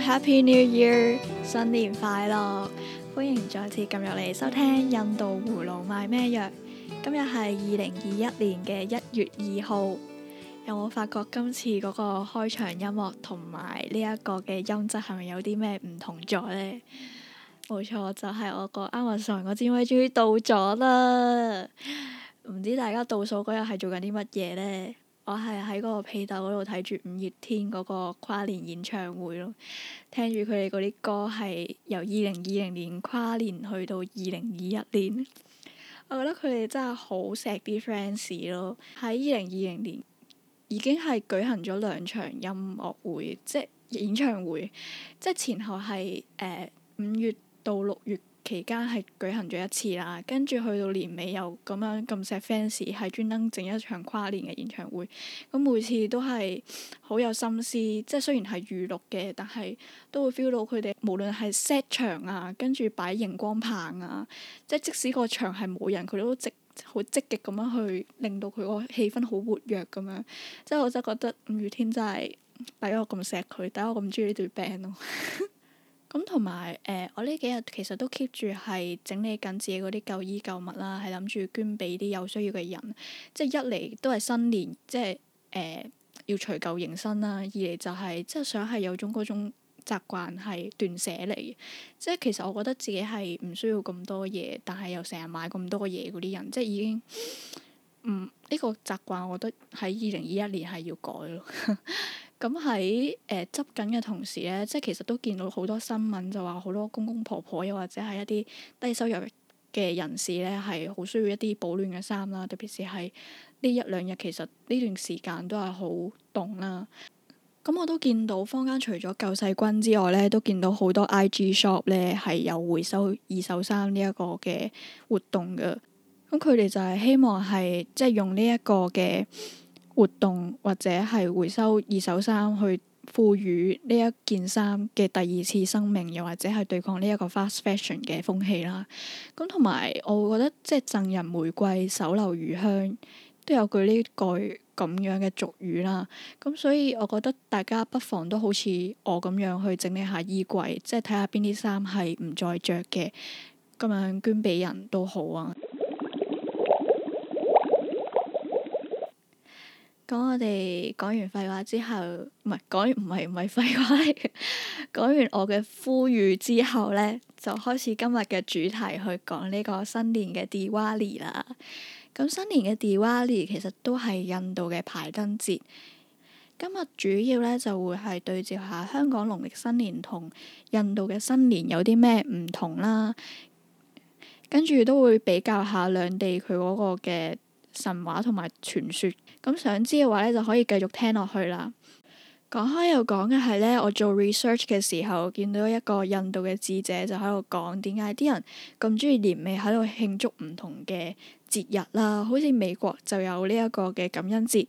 Happy New Year，新年快樂！歡迎再次撳入嚟收聽《印度葫蘆賣咩藥》。今日係二零二一年嘅一月二號。有冇發覺今次嗰個開場音樂同埋呢一個嘅音質係咪有啲咩唔同咗呢？冇錯，就係、是、我個 Amazon 嗰支咪終於到咗啦！唔知大家倒數嗰日係做緊啲乜嘢呢？我係喺嗰個被竇嗰度睇住五月天嗰個跨年演唱會咯，聽住佢哋嗰啲歌係由二零二零年跨年去到二零二一年，我覺得佢哋真係好錫啲 fans 咯。喺二零二零年已經係舉行咗兩場音樂會，即演唱會，即前後係誒五月到六月。期間係舉行咗一次啦，跟住去到年尾又咁樣咁錫 fans，係專登整一場跨年嘅演唱會。咁每次都係好有心思，即係雖然係預錄嘅，但係都會 feel 到佢哋無論係 set 場啊，跟住擺螢光棒啊，即係即使個場係冇人，佢都積好積極咁樣去令到佢個氣氛好活躍咁樣。即係我真係覺得五月天真係抵我咁錫佢，抵我咁中意呢對 band 咯。 咁同埋誒，我呢幾日其實都 keep 住係整理緊自己嗰啲舊衣舊物啦，係諗住捐俾啲有需要嘅人。即係一嚟都係新年，即係誒、呃、要除舊迎新啦。二嚟就係、是、即係想係有種嗰種習慣係斷捨離。即係其實我覺得自己係唔需要咁多嘢，但係又成日買咁多嘢嗰啲人，即係已經唔呢、嗯呢個習慣。我覺得喺二零二一年係要改咯。 咁喺誒執緊嘅同時咧，即係其實都見到好多新聞，就話好多公公婆婆又或者係一啲低收入嘅人士咧，係好需要一啲保暖嘅衫啦，特別是係呢一兩日，其實呢段時間都係好凍啦。咁我都見到坊間除咗救世軍之外咧，都見到好多 IG Shop 咧係有回收二手衫呢一個嘅活動㗎。咁佢哋就係希望係即係用呢一個嘅活動或者係回收二手衫，去賦予呢一件衫嘅第二次生命，又或者係對抗呢一個 fast fashion 嘅風氣啦。咁同埋我會覺得，即係贈人玫瑰手留餘香，都有句呢句咁樣嘅俗語啦。咁、嗯、所以我覺得大家不妨都好似我咁樣去整理下衣櫃，即係睇下邊啲衫係唔再着嘅咁樣捐俾人都好啊。講我哋講完廢話之後，唔係講完，唔係唔係廢話， 講完我嘅呼籲之後呢，就開始今日嘅主題去講呢個新年嘅 Diwali 啦。咁新年嘅 Diwali 其實都係印度嘅排燈節。今日主要呢，就會係對照下香港農曆新年同印度嘅新年有啲咩唔同啦。跟住都會比較下兩地佢嗰個嘅神話同埋傳說，咁想知嘅話呢，就可以繼續聽落去啦。講開又講嘅係呢，我做 research 嘅時候見到一個印度嘅智者就喺度講，點解啲人咁中意年尾喺度慶祝唔同嘅節日啦、啊？好似美國就有呢一個嘅感恩節，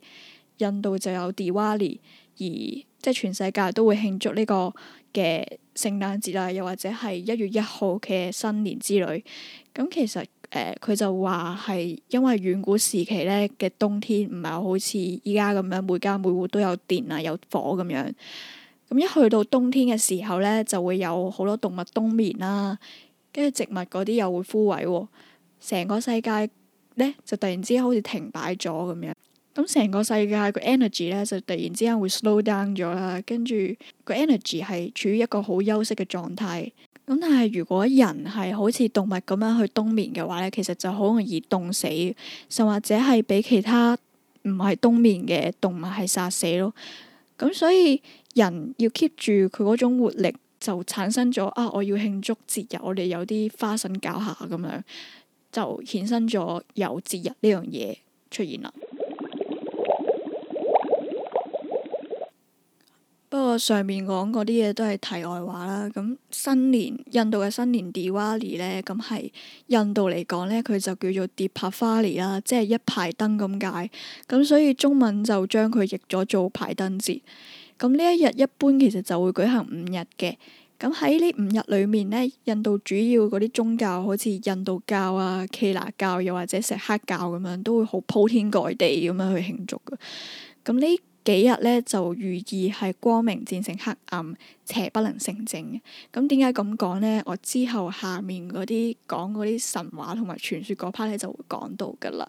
印度就有 Diwali，而即係全世界都會慶祝呢個嘅聖誕節啦、啊，又或者係一月一號嘅新年之類。咁其實～誒佢、呃、就話係因為遠古時期呢嘅冬天唔係好似依家咁樣，每家每戶都有電啊有火咁樣，咁一去到冬天嘅時候呢，就會有好多動物冬眠啦，跟住植物嗰啲又會枯萎喎，成個世界呢，就突然之間好似停擺咗咁樣，咁成個世界個 energy 呢，就突然之間會 slow down 咗啦，跟住個 energy 係處於一個好休息嘅狀態。咁但係如果人係好似動物咁樣去冬眠嘅話咧，其實就好容易凍死，就或者係俾其他唔係冬眠嘅動物係殺死咯。咁、嗯、所以人要 keep 住佢嗰種活力，就產生咗啊！我要慶祝節日，我哋有啲花臣搞下咁樣，就衍生咗有節日呢樣嘢出現啦。不過上面講嗰啲嘢都係題外話啦。咁新年印度嘅新年 Diwali 呢，咁係印度嚟講呢，佢就叫做 Deepavali 啦，即係一排燈咁解。咁所以中文就將佢譯咗做排燈節。咁呢一日一般其實就會舉行五日嘅。咁喺呢五日裏面呢，印度主要嗰啲宗教好似印度教啊、耆那教又或者錫克教咁樣，都會好鋪天蓋地咁樣去慶祝噶。咁呢幾日呢就寓意係光明戰勝黑暗，邪不能勝正嘅。咁點解咁講呢？我之後下面嗰啲講嗰啲神話同埋傳説嗰 part 咧就會講到噶啦。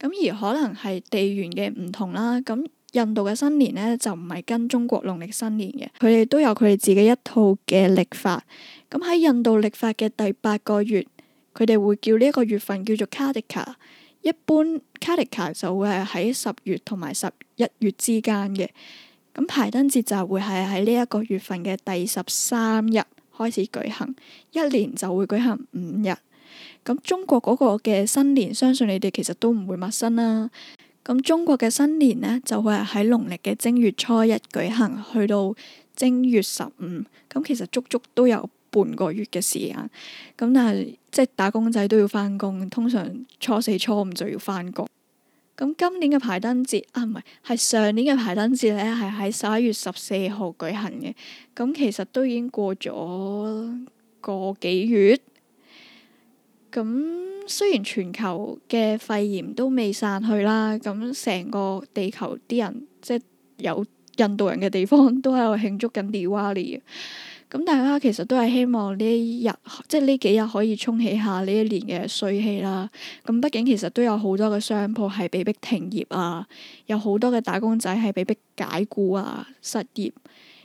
咁而可能係地緣嘅唔同啦。咁印度嘅新年呢就唔係跟中國農曆新年嘅，佢哋都有佢哋自己一套嘅曆法。咁喺印度曆法嘅第八個月，佢哋會叫呢一個月份叫做卡迪卡。一般卡利卡就會係喺十月同埋十一月之間嘅，咁排燈節就會係喺呢一個月份嘅第十三日開始舉行，一年就會舉行五日。咁中國嗰個嘅新年，相信你哋其實都唔會陌生啦。咁中國嘅新年呢，就會係喺農曆嘅正月初一舉行，去到正月十五，咁其實足足都有半個月嘅時間，咁但係即係打工仔都要翻工，通常初四初五就要翻工。咁今年嘅排燈節啊，唔係，係上年嘅排燈節咧，係喺十一月十四號舉行嘅。咁其實都已經過咗個幾月。咁雖然全球嘅肺炎都未散去啦，咁成個地球啲人即係有印度人嘅地方都喺度慶祝緊 Diwali。咁大家其實都係希望呢日即係呢幾日可以沖起下呢一年嘅衰氣啦。咁畢竟其實都有好多嘅商鋪係被迫停業啊，有好多嘅打工仔係被迫解雇啊、失業。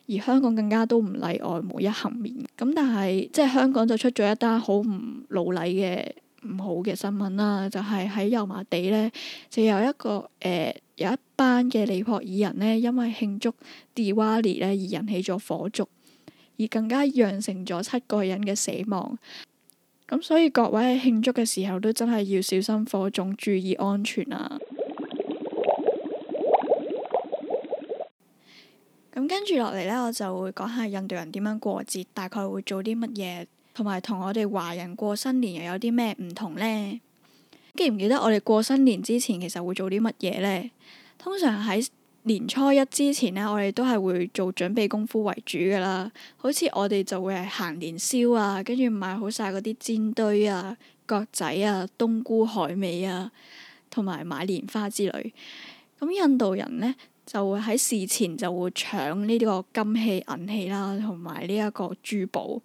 而香港更加都唔例外，無一幸免。咁但係即係香港就出咗一單好唔老禮嘅唔好嘅新聞啦，就係、是、喺油麻地咧，就有一個誒、呃、有一班嘅尼泊爾人咧，因為慶祝 Diwali 咧而引起咗火燭。而更加釀成咗七個人嘅死亡，咁所以各位喺慶祝嘅時候都真係要小心火種，注意安全啊！咁跟住落嚟呢，我就會講下印度人點樣過節，大概會做啲乜嘢，同埋同我哋華人過新年又有啲咩唔同呢？記唔記得我哋過新年之前其實會做啲乜嘢呢？通常喺年初一之前呢，我哋都係會做準備功夫為主噶啦。好似我哋就會係行年宵啊，跟住買好晒嗰啲煎堆啊、角仔啊、冬菇海味啊，同埋買年花之類。咁印度人呢，就會喺事前就會搶呢個金器銀器啦、啊，同埋呢一個珠寶。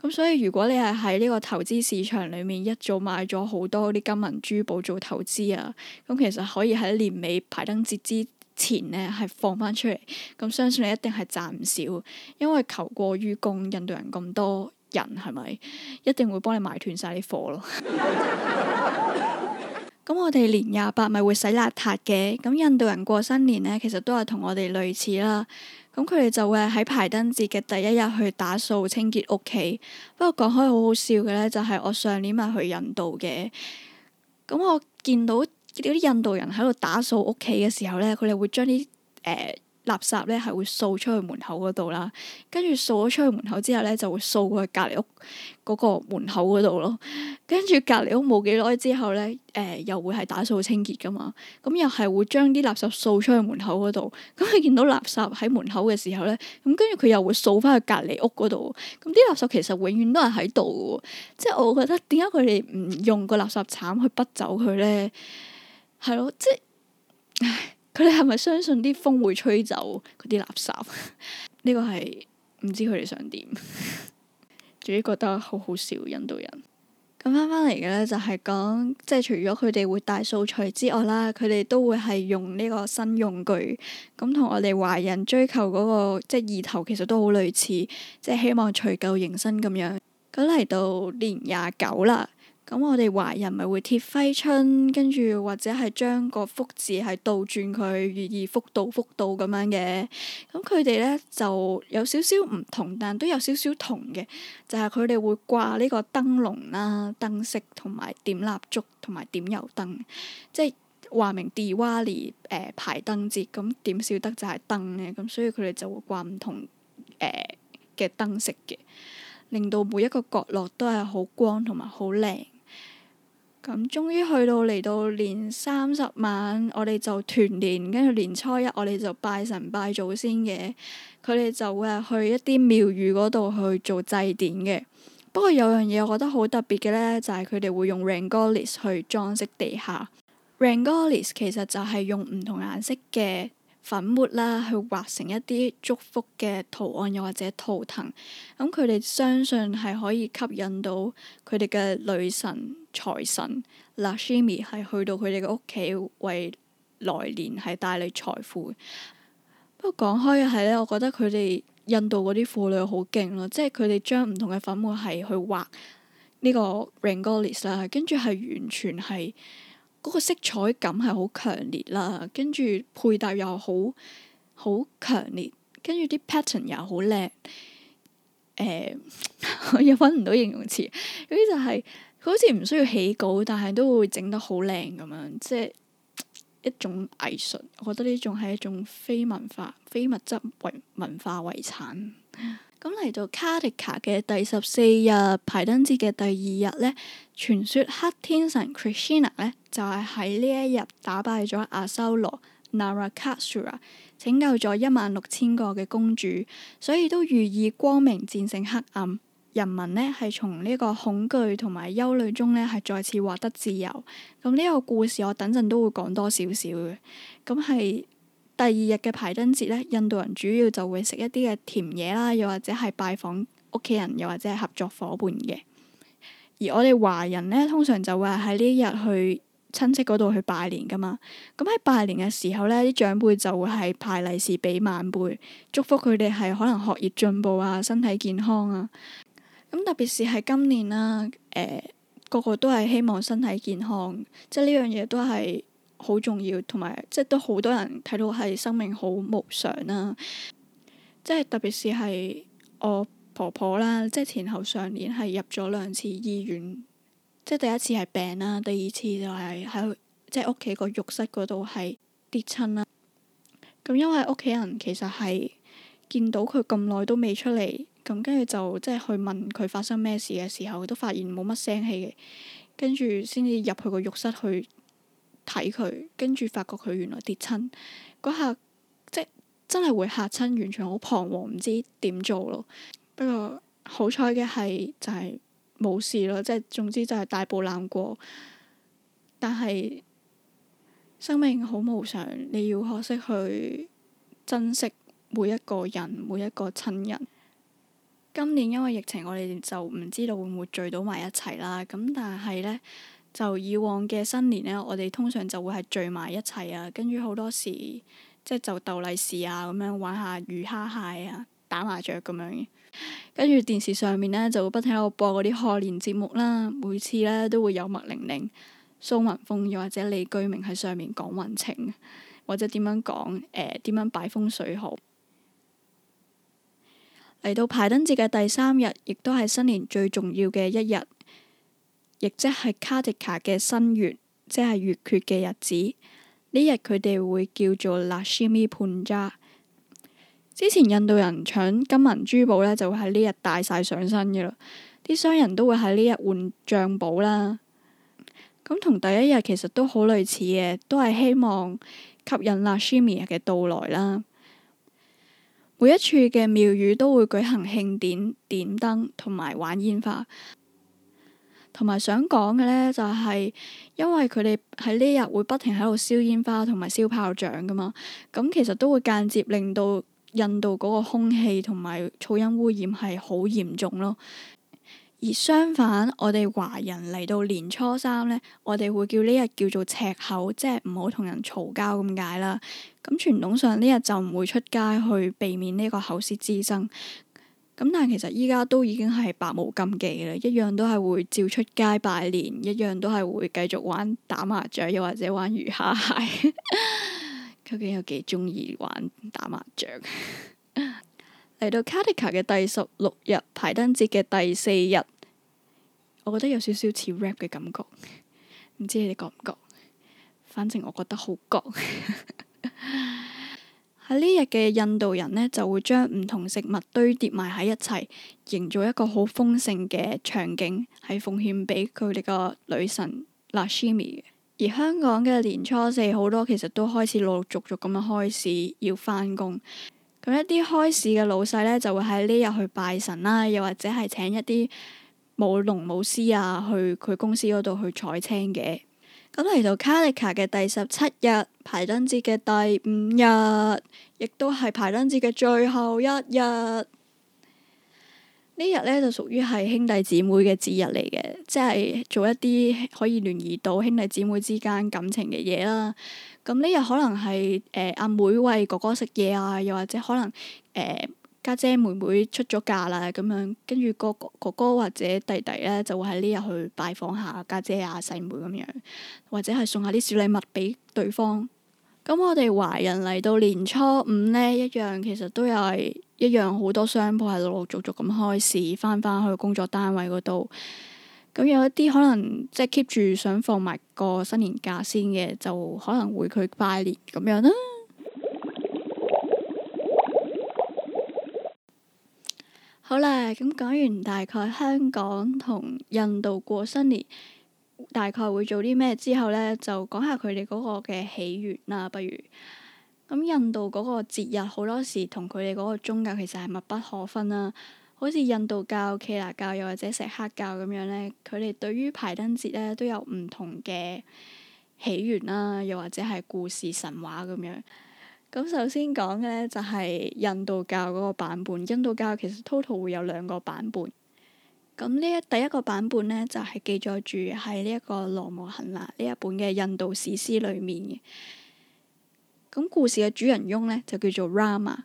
咁所以如果你係喺呢個投資市場裏面一早買咗好多啲金銀珠寶做投資啊，咁其實可以喺年尾排燈節之前呢係放翻出嚟，咁相信你一定係賺唔少，因為求過於供，印度人咁多人係咪？一定會幫你買斷晒啲貨咯。 咁、嗯、我哋年廿八咪會洗邋遢嘅，咁、嗯、印度人過新年呢，其實都係同我哋類似啦。咁佢哋就會喺排燈節嘅第一日去打掃清潔屋企。不過講開好好笑嘅呢，就係、是、我上年咪去印度嘅，咁、嗯、我見到嗰啲印度人喺度打掃屋企嘅時候呢，佢哋會將啲誒、呃垃圾咧係會掃出去門口嗰度啦，跟住掃咗出去門口之後咧，就會掃過去隔籬屋嗰個門口嗰度咯。跟住隔籬屋冇幾耐之後咧，誒、呃、又會係打掃清潔噶嘛，咁又係會將啲垃圾掃出去門口嗰度。咁佢見到垃圾喺門口嘅時候咧，咁跟住佢又會掃翻去隔籬屋嗰度。咁啲垃圾其實永遠都係喺度嘅，即係我覺得點解佢哋唔用個垃圾鏟去潷走佢咧？係咯，即係，唉。 佢哋係咪相信啲風會吹走嗰啲垃圾？呢個係唔知佢哋想點，總之覺得好好笑印度人。咁翻翻嚟嘅呢，就係講即係除咗佢哋會大掃除之外啦，佢哋都會係用呢個新用具，咁同我哋華人追求嗰個即係意頭，其實都好類似，即係希望除舊迎新咁樣。咁嚟到年廿九啦。咁我哋華人咪會貼揮春，跟住或者係將個福字係倒轉佢，寓意福到福到咁樣嘅。咁佢哋呢就有少少唔同，但都有少少同嘅，就係佢哋會掛呢個燈籠啦、燈飾同埋點蠟燭同埋點油燈，即係話明 Diwali、呃、排燈節。咁點少得就係燈咧，咁所以佢哋就會掛唔同誒嘅燈飾嘅，令到每一個角落都係好光同埋好靚。咁終於去到嚟到年三十晚，我哋就團年，跟住年初一我哋就拜神拜祖先嘅。佢哋就會係去一啲廟宇嗰度去做祭典嘅。不過有樣嘢我覺得好特別嘅呢，就係佢哋會用 Rangoli 去裝飾地下。Rangoli 其實就係用唔同顏色嘅。粉末啦，去畫成一啲祝福嘅圖案，又或者圖騰。咁佢哋相信係可以吸引到佢哋嘅女神財神 Lakshmi 係去到佢哋嘅屋企，為來年係帶嚟財富。不過講開嘅係呢，我覺得佢哋印度嗰啲婦女好勁咯，即係佢哋將唔同嘅粉末係去畫呢個 Rangolis 啦，跟住係完全係。嗰個色彩感係好強烈啦，跟住配搭又好好強烈，跟住啲 pattern 又好靚，誒、呃、 我又揾唔到形容詞。嗰啲就係、是、佢好似唔需要起稿，但係都會整得好靚咁樣，即係一種藝術。我覺得呢種係一種非文化、非物質遺文化遺產。咁嚟到卡迪卡嘅第十四日，排燈節嘅第二日咧，傳說黑天神 Krishna 咧就係喺呢一日打敗咗阿修羅那拉卡舒拉，拯救咗一萬六千個嘅公主，所以都寓意光明戰勝黑暗，人民咧係從呢個恐懼同埋憂慮中咧係再次獲得自由。咁呢個故事我等陣都會講多少少嘅，咁係。第二日嘅排燈節呢，印度人主要就會食一啲嘅甜嘢啦，又或者係拜訪屋企人，又或者係合作伙伴嘅。而我哋華人呢，通常就會喺呢一日去親戚嗰度去拜年噶嘛。咁喺拜年嘅時候呢，啲長輩就會係派利是俾晚輩，祝福佢哋係可能學業進步啊，身體健康啊。咁特別是係今年啦、啊，誒、呃，個個都係希望身體健康，即係呢樣嘢都係。好重要，同埋即係都好多人睇到係生命好無常啦、啊。即係特別是係我婆婆啦，即係前後上年係入咗兩次醫院，即係第一次係病啦、啊，第二次就係喺即係屋企個浴室嗰度係跌親啦。咁因為屋企人其實係見到佢咁耐都未出嚟，咁跟住就即係去問佢發生咩事嘅時候，都發現冇乜聲氣嘅，跟住先至入去個浴室去。睇佢，跟住發覺佢原來跌親，嗰下即真係會嚇親，完全好彷徨，唔知點做咯。不過好彩嘅係就係、是、冇事咯，即係總之就係大步攬過。但係生命好無常，你要學識去珍惜每一個人、每一個親人。今年因為疫情，我哋就唔知道會唔會聚到埋一齊啦。咁但係呢。就以往嘅新年呢，我哋通常就會係聚埋一齊啊，跟住好多時即係就鬥利是啊，咁樣玩下魚蝦蟹啊，打麻雀咁樣嘅。跟住電視上面呢，就會不停喺度播嗰啲賀年節目啦，每次呢都會有麥玲玲、蘇文峰，又或者李居明喺上面講運程，或者點樣講誒點樣擺風水好。嚟到排燈節嘅第三日，亦都係新年最重要嘅一日。亦即係卡迪卡嘅新月，即係月缺嘅日子。呢日佢哋會叫做拉希米潘扎。之前印度人搶金銀珠寶呢，就會喺呢日戴晒上身噶啦。啲商人都會喺呢日換帳簿啦。咁同第一日其實都好類似嘅，都係希望吸引拉希米嘅到來啦。每一處嘅廟宇都會舉行慶典、點燈同埋玩煙花。同埋想講嘅呢，就係因為佢哋喺呢日會不停喺度燒煙花同埋燒炮仗噶嘛，咁其實都會間接令到印度嗰個空氣同埋噪音污染係好嚴重咯。而相反，我哋華人嚟到年初三呢，我哋會叫呢日叫做赤口，即係唔好同人嘈交咁解啦。咁傳統上呢日就唔會出街去避免呢個口舌之爭。咁但係其實依家都已經係百無禁忌嘅啦，一樣都係會照出街拜年，一樣都係會繼續玩打麻雀，又或者玩魚蝦蟹。 究竟有幾鍾意玩打麻雀？嚟 到卡迪卡嘅第十六日，排燈節嘅第四日，我覺得有少少似 rap 嘅感覺，唔知你哋覺唔覺？反正我覺得好覺。 喺呢日嘅印度人呢，就會將唔同食物堆疊埋喺一齊，營造一個好豐盛嘅場景，係奉獻俾佢哋個女神拉希米嘅。而香港嘅年初四好多其實都開始陸陸續續咁樣開市要翻工，咁一啲開市嘅老細呢，就會喺呢日去拜神啦，又或者係請一啲舞龍舞獅啊去佢公司嗰度去採青嘅。咁嚟到卡利卡嘅第十七日，排燈節嘅第五日，亦都係排燈節嘅最後一日。呢日呢，就屬於係兄弟姊妹嘅節日嚟嘅，即係做一啲可以聯誼到兄弟姊妹之間感情嘅嘢啦。咁呢日可能係誒阿妹餵哥哥食嘢啊，又或者可能誒。呃家姐妹妹出咗嫁啦，咁樣跟住個哥哥或者弟弟呢，就會喺呢日去拜訪下家姐啊、細妹咁樣，或者係送下啲小禮物俾對方。咁我哋華人嚟到年初五呢，一樣其實都係一樣好多商鋪係陸陸續續咁開市，翻翻去工作單位嗰度。咁有一啲可能即係 keep 住想放埋個新年假先嘅，就可能會去拜年咁樣啦。好啦，咁講完大概香港同印度過新年大概會做啲咩之後呢，就講下佢哋嗰個嘅起源啦，不如。咁印度嗰個節日好多時同佢哋嗰個宗教其實係密不可分啦。好似印度教、耆那教又或者錫克教咁樣呢，佢哋對於排燈節呢，都有唔同嘅起源啦，又或者係故事神話咁樣。咁首先講嘅呢，就係印度教嗰個版本。印度教其實 total 會有兩個版本。咁呢第一個版本呢，就係記載住喺呢一個《羅摩衍那》呢一本嘅印度史詩裏面嘅。咁故事嘅主人翁呢，就叫做 Rama。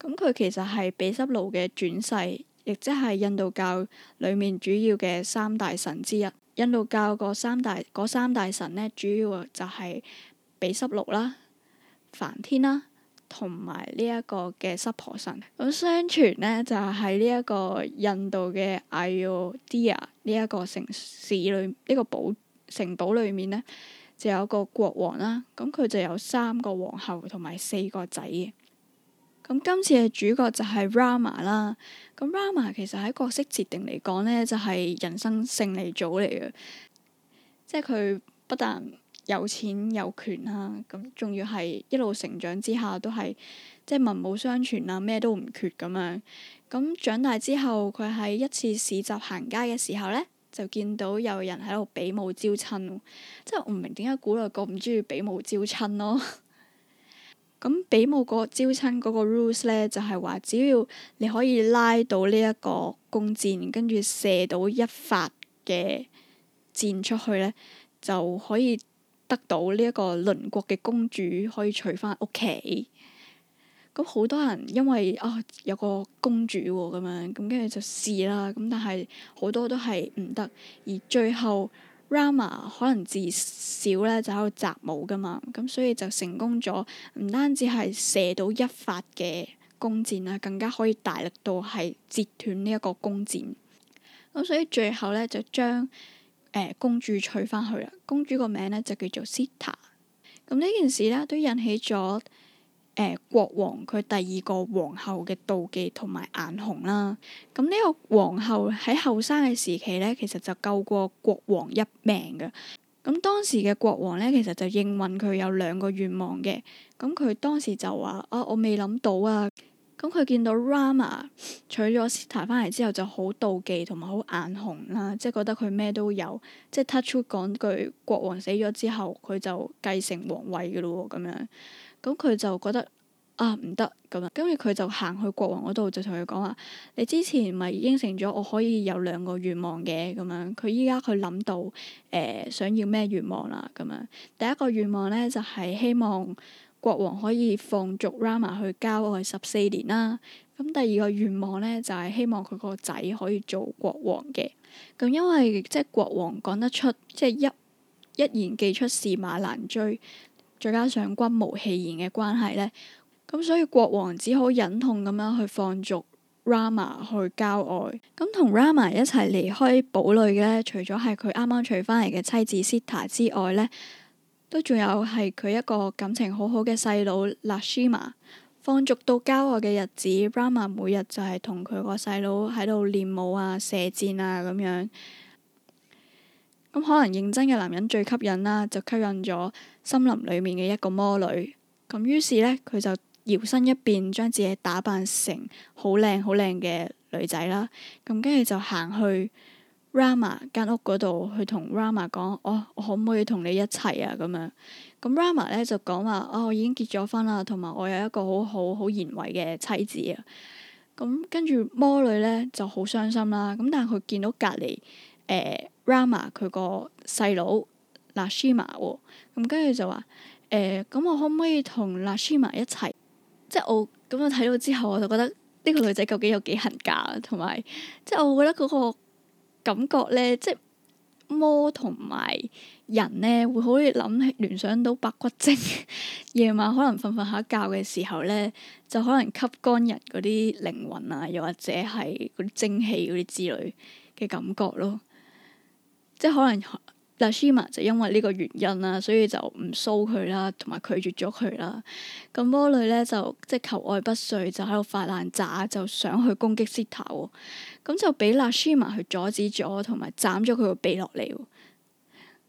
咁佢其實係毗濕奴嘅轉世，亦即係印度教裏面主要嘅三大神之一。印度教三大嗰三大神呢，主要就係毗濕奴啦、梵天啦。同埋呢一個嘅濕婆神，咁相傳呢就喺呢一個印度嘅 Ayodhya 呢一個城市裏呢、呢個堡城堡裏面呢就有個國王啦。咁佢就有三個皇后同埋四個仔嘅。咁今次嘅主角就係 Rama 啦。咁 Rama 其實喺角色設定嚟講呢，就係、是、人生勝利組嚟嘅，即係佢不但，有錢有權啦，咁仲要係一路成長之下都係即係文武雙全啊，咩都唔缺咁樣。咁長大之後，佢喺一次市集行街嘅時候呢，就見到有人喺度比武招親，即係我唔明點解古代唔中意比武招親咯。咁比武嗰個招親嗰個 rules 呢，就係話只要你可以拉到呢一個弓箭，跟住射到一發嘅箭出去呢，就可以。得到呢一個鄰國嘅公主可以娶翻屋企，咁好多人因為啊、哦、有個公主喎、哦、咁樣，咁跟住就試啦，咁但係好多都係唔得，而最後 Rama 可能自小咧就喺度習武噶嘛，咁所以就成功咗，唔單止係射到一發嘅弓箭啦，更加可以大力到係截斷呢一個弓箭，咁所以最後咧就將。誒公主娶翻去啦，公主個名呢就叫做 Sita。咁、嗯、呢件事呢都引起咗誒、呃、國王佢第二個皇后嘅妒忌同埋眼紅啦。咁、嗯、呢、呢個皇后喺後生嘅時期呢，其實就救過國王一命㗎。咁、嗯、當時嘅國王呢，其實就應允佢有兩個願望嘅。咁、嗯、佢當時就話：啊，我未諗到啊！咁佢見到 Rama 娶咗 Sita 翻嚟之後，就好妒忌同埋好眼紅啦，即係覺得佢咩都有。即係 touch wood 講句，國王死咗之後，佢就繼承皇位噶咯喎，咁樣。咁佢就覺得啊唔得咁樣，跟住佢就行去國王嗰度，就同佢講話：你之前咪應承咗我可以有兩個願望嘅咁樣，佢依家佢諗到誒、呃、想要咩願望啦咁樣。第一個願望咧就係、是、希望。國王可以放逐 Rama 去郊外十四年啦。咁第二個願望呢，就係、是、希望佢個仔可以做國王嘅。咁因為即係國王講得出，即係一一言既出，駟馬難追。再加上君無戲言嘅關係呢。咁所以國王只好忍痛咁樣去放逐 Rama 去郊外。咁同 Rama 一齊離開堡壘嘅呢，除咗係佢啱啱娶翻嚟嘅妻子 Sita 之外呢。都仲有係佢一個感情好好嘅細佬拉舒馬，ima, 放逐到郊外嘅日子，拉馬每日就係同佢個細佬喺度練舞啊、射箭啊咁樣。咁、嗯、可能認真嘅男人最吸引啦，就吸引咗森林裏面嘅一個魔女。咁、嗯、於是呢，佢就搖身一變，將自己打扮成好靚好靚嘅女仔啦。咁跟住就行去 Rama 間屋嗰度去同 Rama 講，哦，我可唔可以同你一齊啊？咁樣，咁 Rama 咧就講話，哦，我已經結咗婚啦，同埋我有一個好好好賢惠嘅妻子啊。咁跟住魔女咧就好傷心啦。咁但係佢見到隔籬誒 Rama 佢個細佬 Lashima 喎，咁跟住就話誒，咁、呃、我可唔可以同 Lashima 一齊？即係我咁我睇到之後，我就覺得呢 個女仔究竟有幾恨嫁啊？同埋即係我覺得嗰、那個。感覺咧，即係魔同埋人咧，會好似諗聯想到白骨精。夜 晚可能瞓瞓下覺嘅時候咧，就可能吸乾人嗰啲靈魂啊，又或者係嗰啲精氣嗰啲之類嘅感覺咯。即係可能。那舒曼就因為呢個原因啦，所以就唔騷佢啦，同埋拒絕咗佢啦。咁魔女咧就即求愛不遂，就喺度發爛渣，就想去攻擊 Sita 喎。咁、嗯、就俾那舒曼去阻止咗，同埋斬咗佢個鼻落嚟。咁、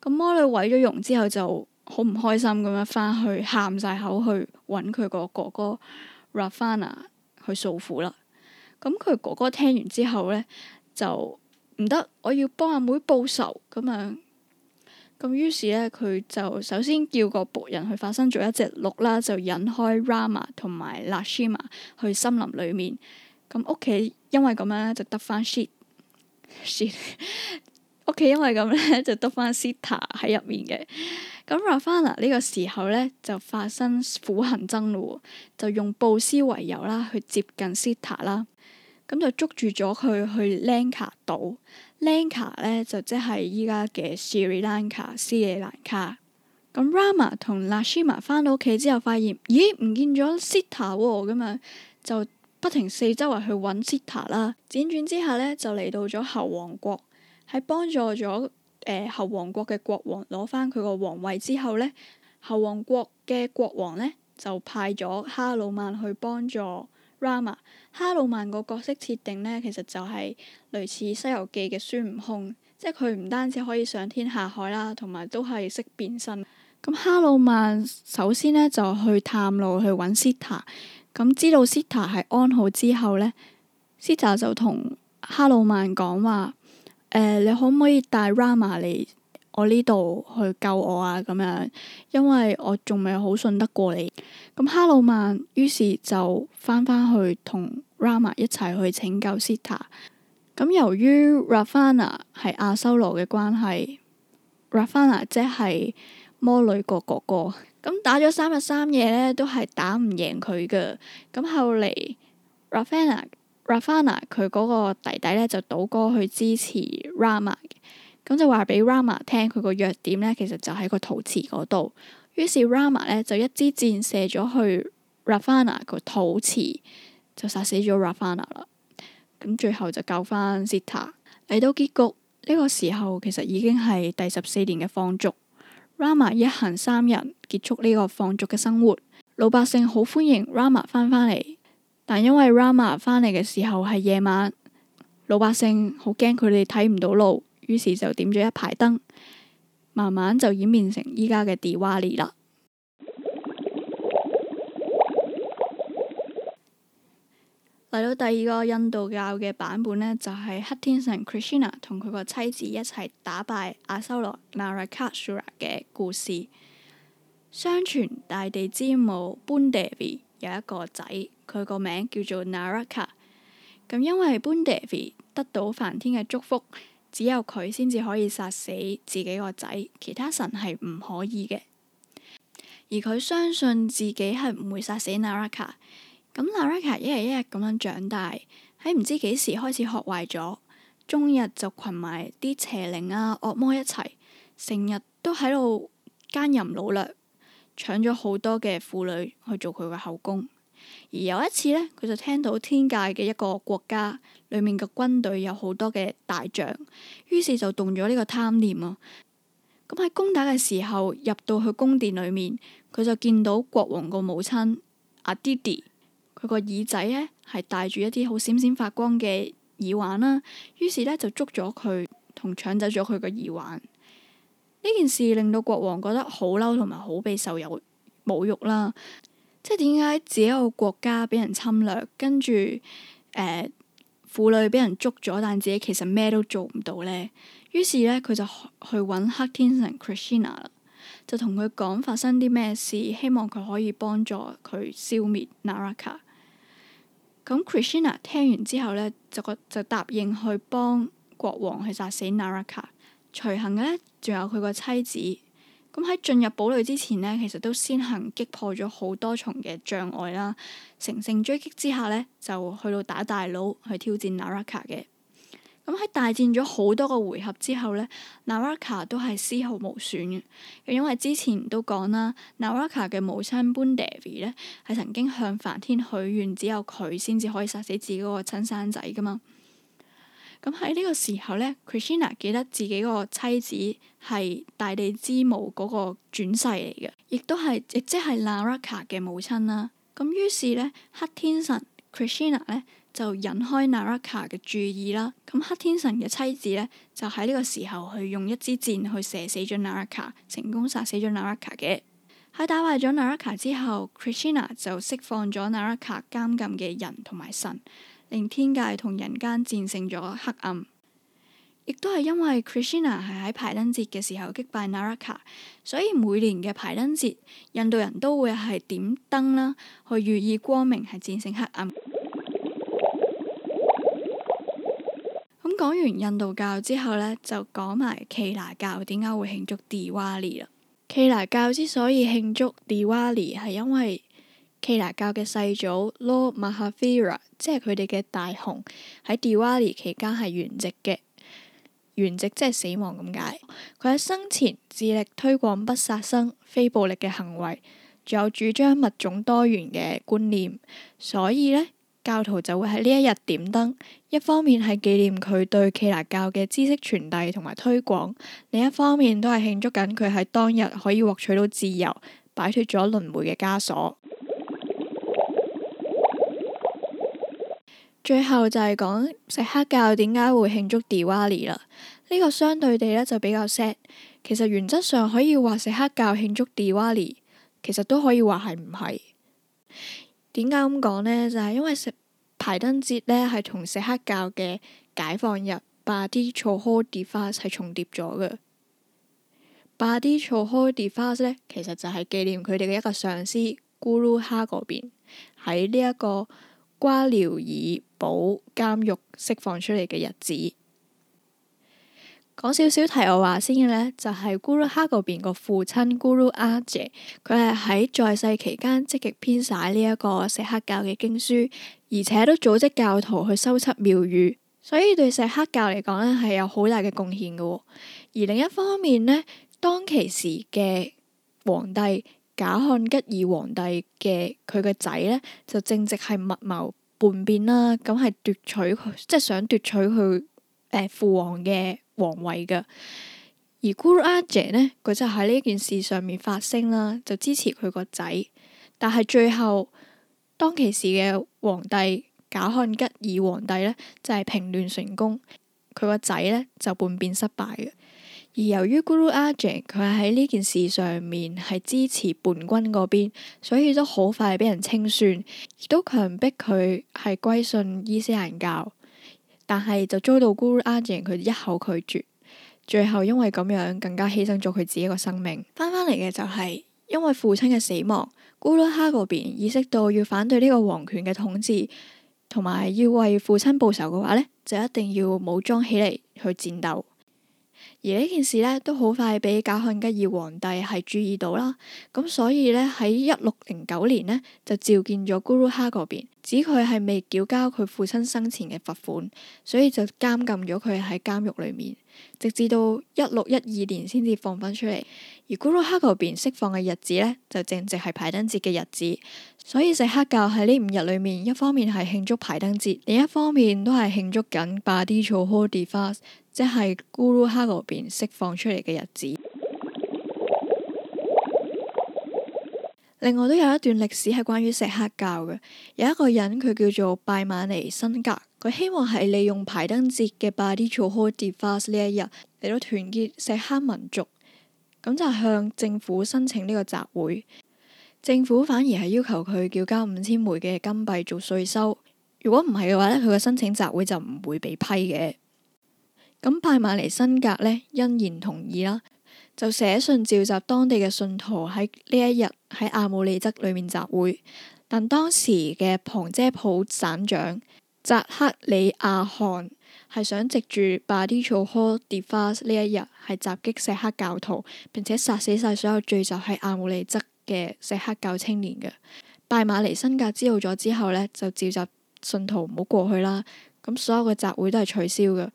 嗯、魔女毀咗容之後，就好唔開心咁樣翻去喊晒口去，去揾佢個哥哥 Rafana 去訴苦啦。咁、嗯、佢哥哥聽完之後咧，就唔得，我要幫阿妹，妹報仇咁樣。嗯嗯。咁於是咧，佢就首先叫個僕人去化身咗一隻鹿啦，就引開 Rama 同埋 Lashima 去森林裏面。咁屋企因為咁咧，就得翻 shit。屋企因為咁咧，就得翻 Sita 喺入面嘅。咁 Ravana 呢個時候咧，就化身苦行僧咯，就用布施為由啦，去接近 Sita 啦。咁就捉住咗佢去 Lanka 島。Lanka 咧就即係而家嘅 Sri Lanka，斯里蘭卡。咁 Rama 同 Lashima 翻到屋企之後，發現，咦，唔見咗 Sita 喎、哦，咁啊就不停四周圍去搵 Sita 啦。輾轉之下呢，就嚟到咗猴王國，喺幫助咗誒猴王國嘅國王攞翻佢個王位之後呢，猴王國嘅國王呢，就派咗哈魯曼去幫助。Rama，哈魯曼個角色設定呢，其實就係類似《西遊記》嘅孫悟空，即係佢唔單止可以上天下海啦，同埋都係識變身。咁哈魯曼首先呢，就去探路去搵 Sita，咁知道 Sita 係安好之後呢，Sita 就同哈魯曼講話：誒、呃，你可唔可以帶 Rama 嚟？我呢度去救我啊！咁樣，因為我仲未好信得過你。咁哈魯曼於是就翻翻去同 Rama 一齊去拯救 Sita。咁由於 Rafana 係亞修羅嘅關係，Rafana 即係魔女國哥哥。咁打咗三日三夜呢，都係打唔贏佢嘅。咁後嚟 Rafana，Rafana 佢嗰個弟弟呢，就倒戈去支持 Rama。咁就話俾 Rama 聽，佢個弱點呢，其實就喺個肚臍嗰度。於是 Rama 呢就一支箭射咗去 Ravana 個肚臍，就殺死咗 Ravana 啦。咁最後就救翻 Sita 嚟到結局，呢個時候，其實已經係第十四年嘅放逐。Rama 一行三人結束呢個放逐嘅生活，老百姓好歡迎 Rama 翻翻嚟，但因為 Rama 翻嚟嘅時候係夜晚，老百姓好驚佢哋睇唔到路。於是就點咗一排燈，慢慢就演變成依家嘅 Diwali 啦。嚟到第二個印度教嘅版本呢，就係、是、黑天神 Krishna 同佢個妻子一齊打敗阿修羅 Narakasura 嘅故事。相傳大地之母 Bundevi 有一個仔，佢個名叫做 Naraka。咁因為 Bundevi 得到梵天嘅祝福。只有佢先至可以殺死自己個仔，其他神係唔可以嘅。而佢相信自己係唔會殺死納拉卡。咁納拉卡一日一日咁樣長大，喺唔知幾時開始學壞咗，終日就群埋啲邪靈啊、惡魔一齊，成日都喺度奸淫擄掠，搶咗好多嘅婦女去做佢嘅後宮。而有一次呢，佢就聽到天界嘅一個國家裏面嘅軍隊有好多嘅大象，於是就動咗呢個貪念啊！咁喺攻打嘅時候入到去宮殿裏面，佢就見到國王個母親阿迪迪，佢個耳仔呢，係戴住一啲好閃閃發光嘅耳環啦。於是呢，就捉咗佢同搶走咗佢個耳環。呢件事令到國王覺得好嬲同埋好被受有侮辱啦。即係點解自己個國家俾人侵略，跟住誒、呃、婦女俾人捉咗，但自己其實咩都做唔到咧？於是咧，佢就去揾黑天神 Krishna 啦，就同佢講發生啲咩事，希望佢可以幫助佢消滅 Naraka。咁 Krishna 聽完之後咧，就覺就答應去幫國王去殺死 Naraka。隨行嘅咧，仲有佢個妻子。咁喺進入堡壘之前呢，其實都先行擊破咗好多重嘅障礙啦。乘勝追擊之下呢，就去到打大佬去挑戰 Naraka 嘅。咁喺大戰咗好多個回合之後呢，Naraka 都係絲毫無損嘅，因為之前都講啦，Naraka 嘅母親 Bundevi 呢，係曾經向梵天許願，只有佢先至可以殺死自己嗰個親生仔㗎嘛。咁喺呢個時候呢，Christina 記得自己個妻子係大地之母嗰個轉世嚟嘅，亦都係亦即係 Naraka 嘅母親啦。咁於是呢，黑天神 Christina 呢就引開 Naraka 嘅注意啦。咁黑天神嘅妻子呢，就喺呢個時候去用一支箭去射死咗 Naraka，成功殺死咗 Naraka 嘅。喺打敗咗 Naraka 之後，Christina 就釋放咗 Naraka 監禁嘅人同埋神。令天界同人間戰勝咗黑暗，亦都係因為 Krishna 係喺排燈節嘅時候擊敗 Naraka，所以每年嘅排燈節，印度人都會係點燈啦，去寓意光明係戰勝黑暗。咁 講完印度教之後呢，就講埋耆那教點解會慶祝 Diwali 啦。耆那教之所以慶祝 Diwali 係因為耆那教嘅世祖 Law Mahavira，即係佢哋嘅大雄，喺 Diwali 期間係圓寂嘅。圓寂即係死亡咁解。佢喺生前致力推廣不殺生、非暴力嘅行為，仲有主張物種多元嘅觀念，所以呢，教徒就會喺呢一日點燈。一方面係紀念佢對耆那教嘅知識傳遞同埋推廣，另一方面都係慶祝緊佢喺當日可以獲取到自由，擺脱咗輪迴嘅枷鎖。最後就係講錫克教點解會慶祝迪瓦尼 a 啦？呢、這個相對地呢，就比較 sad。其實原則上可以話錫克教慶祝迪瓦尼，其實都可以話係唔係？點解咁講呢？就係、是、因為食排燈節呢，係同錫克教嘅解放日，巴啲錯開跌花係重疊咗嘅。巴啲錯開跌花呢，其實就係紀念佢哋嘅一個上司咕魯哈嗰邊喺呢一個。瓜廖爾堡監獄釋放出嚟嘅日子，講少少題外話先嘅呢，就係咕魯克嗰邊個父親咕魯阿姐，佢係喺在世期間積極編寫呢一個錫克教嘅經書，而且都組織教徒去修葺廟宇。所以對錫克教嚟講呢，係有好大嘅貢獻㗎喎。而另一方面呢，當其時嘅皇帝，假漢吉爾皇帝嘅佢個仔呢，就正直係密謀叛變啦，咁係奪取，佢即係想奪取佢誒、呃、父王嘅皇位噶。而 Guru Arjan 呢，佢就喺呢件事上面發聲啦，就支持佢個仔。但係最後，當其時嘅皇帝假漢吉爾皇帝呢，就係、是、平亂成功，佢個仔呢，就叛變失敗嘅。而由於 Guru Ajeng 佢喺呢件事上面係支持叛軍嗰邊，所以都好快俾人清算，亦都強迫佢係歸信伊斯蘭教。但係就遭到 Guru Ajeng 佢一口拒絕，最後因為咁樣更加犧牲咗佢自己嘅生命。翻返嚟嘅就係、是、因為父親嘅死亡，Guru Ha 嗰邊意識到要反對呢個皇權嘅統治，同埋要為父親報仇嘅話，呢就一定要武裝起嚟去戰鬥。而呢件事呢，都好快俾噶汗吉爾皇帝係注意到啦，咁所以呢，喺一六零九年呢，就召見咗 Guru Har 嗰邊，指佢係未繳交佢父親生前嘅罰款，所以就監禁咗佢喺監獄裏面，直至到一六一二年先至放翻出嚟。而 Guru Har 嗰邊釋放嘅日子呢，就正值係排燈節嘅日子，所以食黑教喺呢五日裏面一方面係慶祝排燈節，另一方面都係慶祝緊巴蒂草科蒂花。即係咕魯哈嗰邊釋放出嚟嘅日子。另外都有一段歷史係關於錫克教嘅。有一個人佢叫做拜馬尼辛格，佢希望係利用排燈節嘅 Bandi Chhor Divas 呢一日嚟到團結錫克民族。咁就向政府申請呢個集會，政府反而係要求佢繳交五千枚嘅金幣做稅收。如果唔係嘅話呢，佢嘅申請集會就唔會被批嘅。咁拜馬尼辛格呢欣然同意啦，就寫信召集當地嘅信徒喺呢一日喺阿姆利則裏面集會。但當時嘅旁遮普省長扎克里亞汗係想藉住巴迪草科跌花呢一日係襲擊錫克教徒，並且殺死晒所有聚集喺阿姆利則嘅錫克教青年嘅。拜馬尼辛格知道咗之後呢，就召集信徒唔好過去啦，咁所有嘅集會都係取消㗎。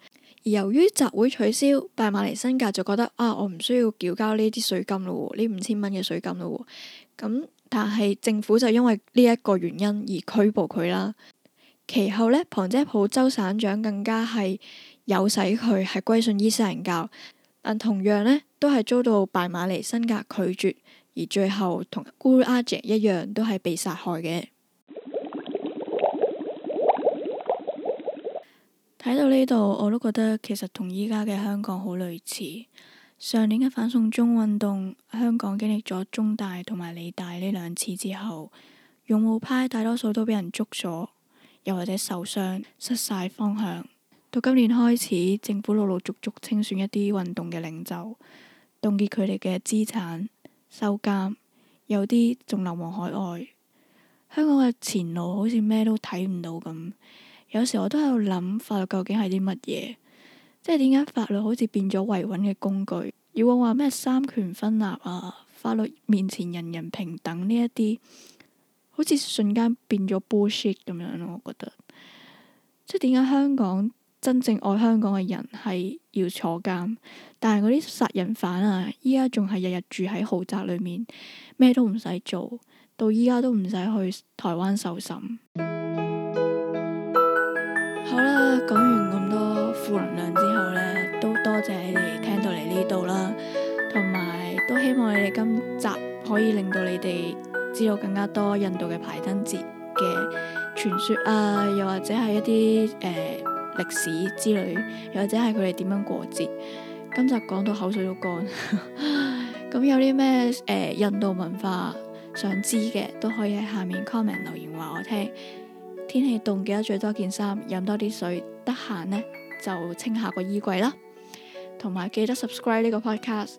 由於集會取消，拜馬尼辛格就覺得啊，我唔需要繳交呢啲稅金咯喎，呢五千蚊嘅稅金咯喎。咁但係政府就因為呢一個原因而拘捕佢啦。其後呢，旁遮普州省長更加係誘使佢係歸信伊斯蘭教，但同樣呢都係遭到拜馬尼辛格拒絕，而最後同 Guru Arjan 一樣都係被殺害嘅。睇到呢度，我都覺得其實同依家嘅香港好類似。上年嘅反送中運動，香港經歷咗中大同埋理大呢兩次之後，勇武派大多數都俾人捉咗，又或者受傷，失曬方向。到今年開始，政府陸陸續續清算一啲運動嘅領袖，凍結佢哋嘅資產，收監，有啲仲流亡海外。香港嘅前路好似咩都睇唔到咁。有時我都喺度諗，法律究竟係啲乜嘢？即係點解法律好似變咗維穩嘅工具？如果話咩三權分立啊、法律面前人人平等呢一啲，好似瞬間變咗 bullshit 咁樣咯，我覺得。即係點解香港真正愛香港嘅人係要坐監，但係嗰啲殺人犯啊，依家仲係日日住喺豪宅裏面，咩都唔使做，到依家都唔使去台灣受審。希望你哋今集可以令到你哋知道更加多印度嘅排燈節嘅傳說啊，又或者係一啲誒歷史之類，又或者係佢哋點樣過節。今集講到口水都乾，咁 有啲咩誒印度文化想知嘅，都可以喺下面 comment 留言話我聽。天氣凍，記得着多件衫，飲多啲水，得閒呢就清下個衣櫃啦。同埋記得 subscribe 呢個 podcast。